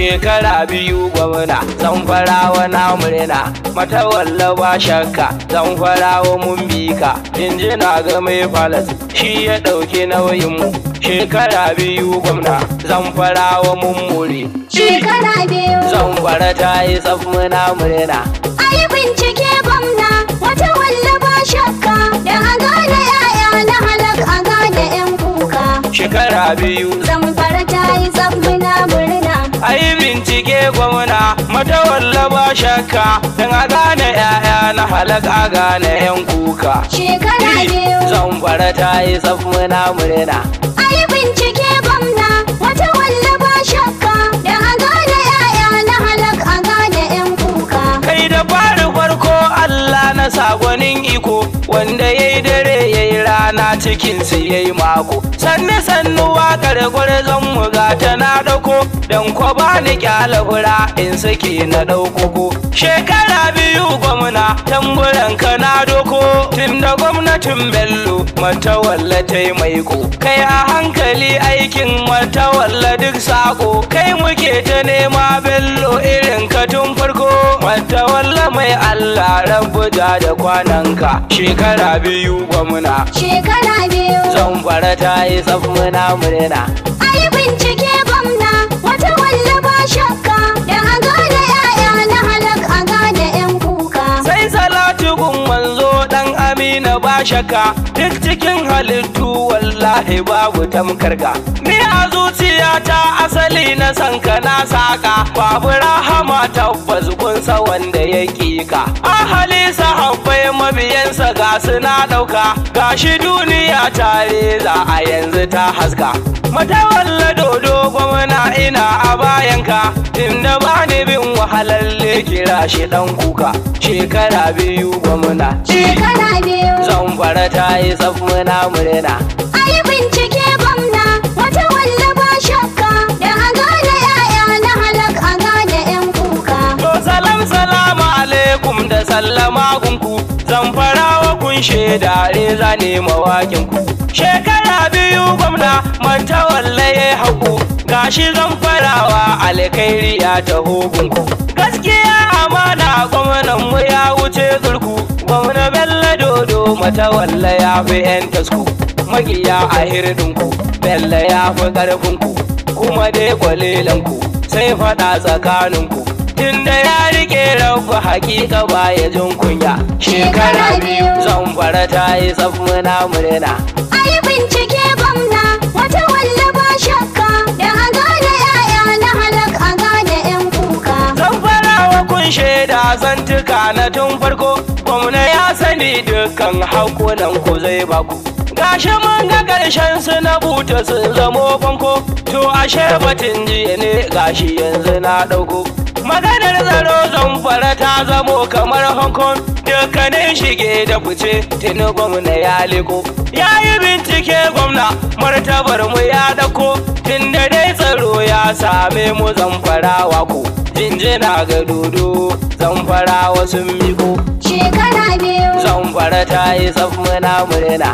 shekara biyu gwamna zan farawa na murna mata ba shakka zan farawa mun bika na ga mai falas shi ya ɗauki mu, shekara biyu gwamna zan farawa mun muri shekara biyu zan fara ta yi tsaf muna murna ayi bincike gwamna mata ba shakka da a gane yaya na halak a gane yan kuka shekara biyu zan fara ta yi tsaf gwamna walla ba shakka dan a gane 'ya'ya na halak a gane 'yan kuka shekara biyu zan fara ta yi tsaf muna murna bincike gwamna walla ba shakka dan a gane 'ya'ya na halak a gane 'yan kuka kai da fari farko allah na sagonin iko wanda yayi dare aikin su yayi mako sannu sannu wakar zan mu ga ta na dauko dan ko ba ni kyala hura in sake na dauko shekara biyu gwamna tamburan ka na doko tun da gwamnatin bello matawalla ta yi maiko kai a hankali aikin matawalla duk sako kai muke ta nema bello irin ka tun wata walla mai Allah rabu da da kwananka shekara biyu gwamna shekara biyu zan fara ta yi tsaf muna murna ai bincike gwamna wata walla ba shakka da a gane yaya na halak a gane yan kuka sai salatu gun manzo dan amina ba shakka duk cikin halittu wallahi babu tamkarga. ni a zuciyata asali na sanka na saka babu rahama tabbas ya ka ahali sahabbai mabiyansa ga suna ɗauka gashi duniya tare za a yanzu ta haska matawalla dodo gwamna ina a ka, inda ba ni bin wahalalle kira shi dan kuka shekara biyu gwamna shekara biyu fara ta yi tsaf muna murna bin sallama kunku zan farawa kun shaida reza ne mawakin ku shekara biyu gwamna manta wallaye haku gashi zan farawa alkhairi ya taho gunku gaskiya amana gwamnan mu ya wuce zurku gwamna bello dodo mata wallaye ya fi yan tasku magiya a hirdinku bello ya fi karfinku kuma dai kwalilanku sai fada tsakaninku tunda ya rike ranku hakika ba ya jin kunya shekara biyu zan fara ta yi muna murna ai bincike gwamna wata walla ba shakka da a gane yaya na halak a gane yan kuka zan fara wa kun shaida zantuka na tun farko gwamna ya sani dukkan hakunan ku zai baku gashi mun ga ƙarshen su na buta su, zamo fanko to ashe batun jiya ne gashi yanzu na ɗauko maganar zaro zamfara ta zamo kamar hong kong dukkanin shige da fice tuni gwamna ya liko ya yi bincike gwamna martabar mu ya dako tun da dai tsaro ya same mu fara wako jinjina ga dodo fara wasu miko shekara biyu zamfara ta yi tsaf muna murna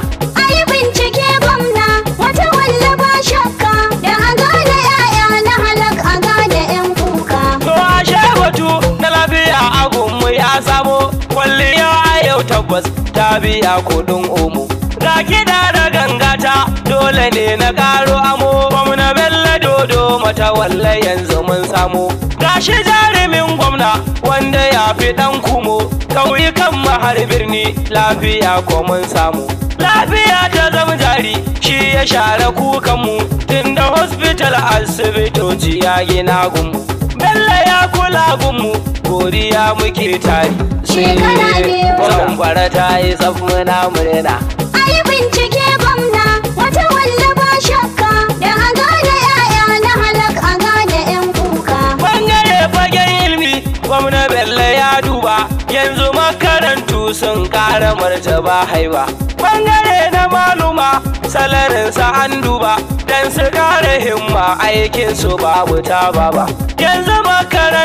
yi bincike gwamna wata wallafa. ta biya kuɗin omo. Ga kiɗa da gangata dole ne na karo amo, gwamna Bello Dodo mata walla yanzu mun samo. Gashi jarumin gwamna wanda ya fi ɗan kumo, kan mahar birni lafiya ko mun samu. Lafiya ta zama jari shi ya share kukanmu, tunda hospital asibitoci ya gina gumu. Allah ya kula gunmu godiya muke tari shekara ne bambara ta yi tsaf muna murna ai bincike gwamna wata walla ba shakka da a gane yaya na halak a gane yan kuka bangare fagen ilmi gwamna bello ya duba yanzu makarantu sun kara martaba haiba bangare na maluma salarinsa an duba don su kare himma aikinsu babu ta baba yanzu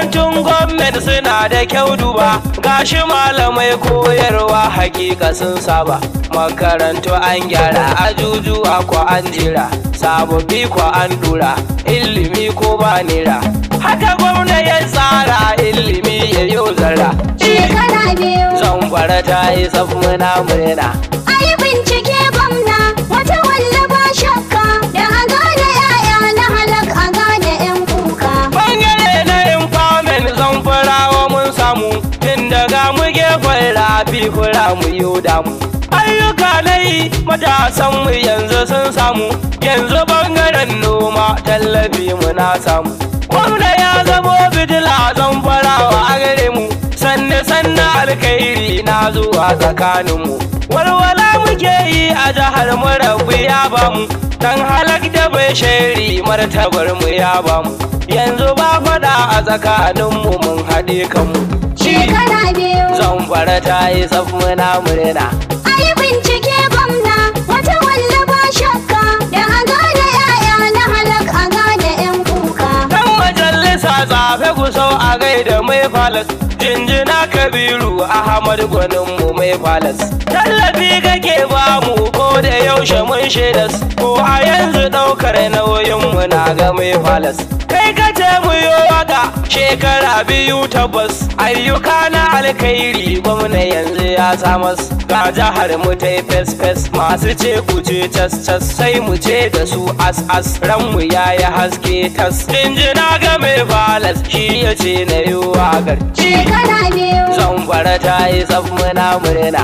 makarantun gwamnati suna da kyau duba gashi malamai koyarwa hakika sun saba makarantu an gyara ajuju ko an jira sababbi ko an dura ilimi ko ba nira haka gwamna ya tsara ilimi ya yi zara, shekara biyu zan ta yi safi muna murna fi fura mu yi mu. ayyuka na matasan mu yanzu sun samu yanzu bangaren noma tallafi mu na samu Wanda ya zamo fitila zan fara a gare mu sanne sanne alkhairi na zuwa tsakaninmu walwala muke yi a jihar mu rabbi ya bamu dan halak da bai shari martabar mu ya bamu yanzu ba fada a tsakaninmu mun haɗe kanmu zamfara ta yi tsaf muna murna yi bincike gwamna wata walla ba shakka da a gane yaya na halak a gane yan kuka Yan majalisa zafe ku sau a gaida mai falas jinjina kabiru ahmad gwaninmu mai falas tallafi kake ba mu ko da yaushe mun shaidas ko a yanzu ɗaukar mu na ga mai falas kai ka ce mu yo waka shekara biyu tabbas ayyuka na alkhairi gwamna yanzu ya samas ga jihar mu ta fes fes masu ce ku ce cas cas sai mu ce da su as as ran mu yi haske tas injina ga mai falas shi ya ce na yi wakar shekara biyu zamfara ta yi tsaf muna murna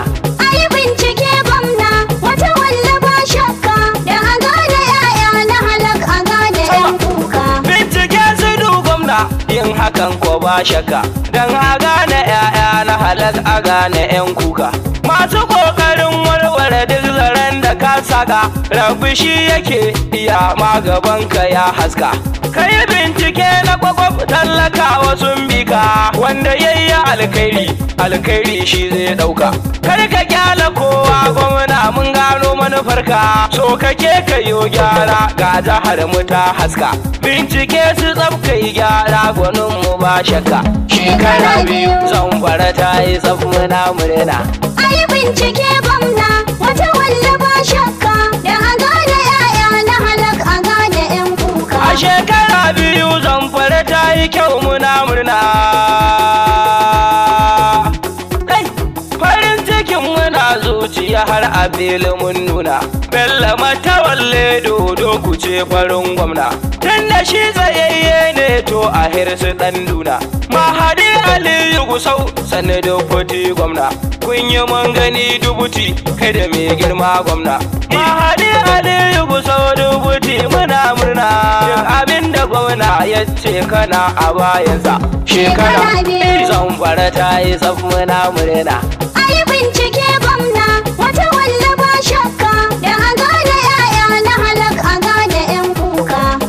ai bincike gwamna wata wallafa shakka da a gane yaya na halak a gane yan kuka bincike zudu gwamna yin hakan ko ba shakka dan a gane yaya na halak a gane yan kuka masu kokarin warware duk zaren da ka saka rabu shi yake iya gabanka ya haska kai bincike na kwakwaf tallaka sun bika wanda yayi alkhairi alkhairi shi zai dauka kar ka kyala kowa gwamna mun gano manufarka so kake kayo gyara ga jahar mu ta haska bincike su tsafka yi gyara gwanin mu ba shakka shekara biyu zan fara ta yi tsaf muna murna ai bincike gwamna wata walla shakka har abili mun nuna bella mata walle dodo ku ce farin gwamna tun da shi tsayayye ne to a hirsu dan duna mahadi aliyu gusau sanne kwati gwamna kun yi mun gani dubuti kai da mai girma gwamna mahadi aliyu gusau dubuti muna murna abin da gwamna ya ce kana a bayansa shekara zan fara ta yi tsaf muna murna yi bincike gwamna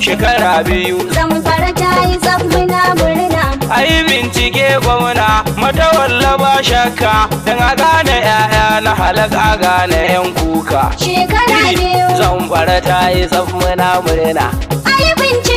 shekara biyu zamfara ta yi zamfina murna ayi bincike gwamna matawalla ba shakka don a gane 'ya'ya na halak a gane 'yan kuka shekara biyu zamfara ta yi zamfina murna Ai bincike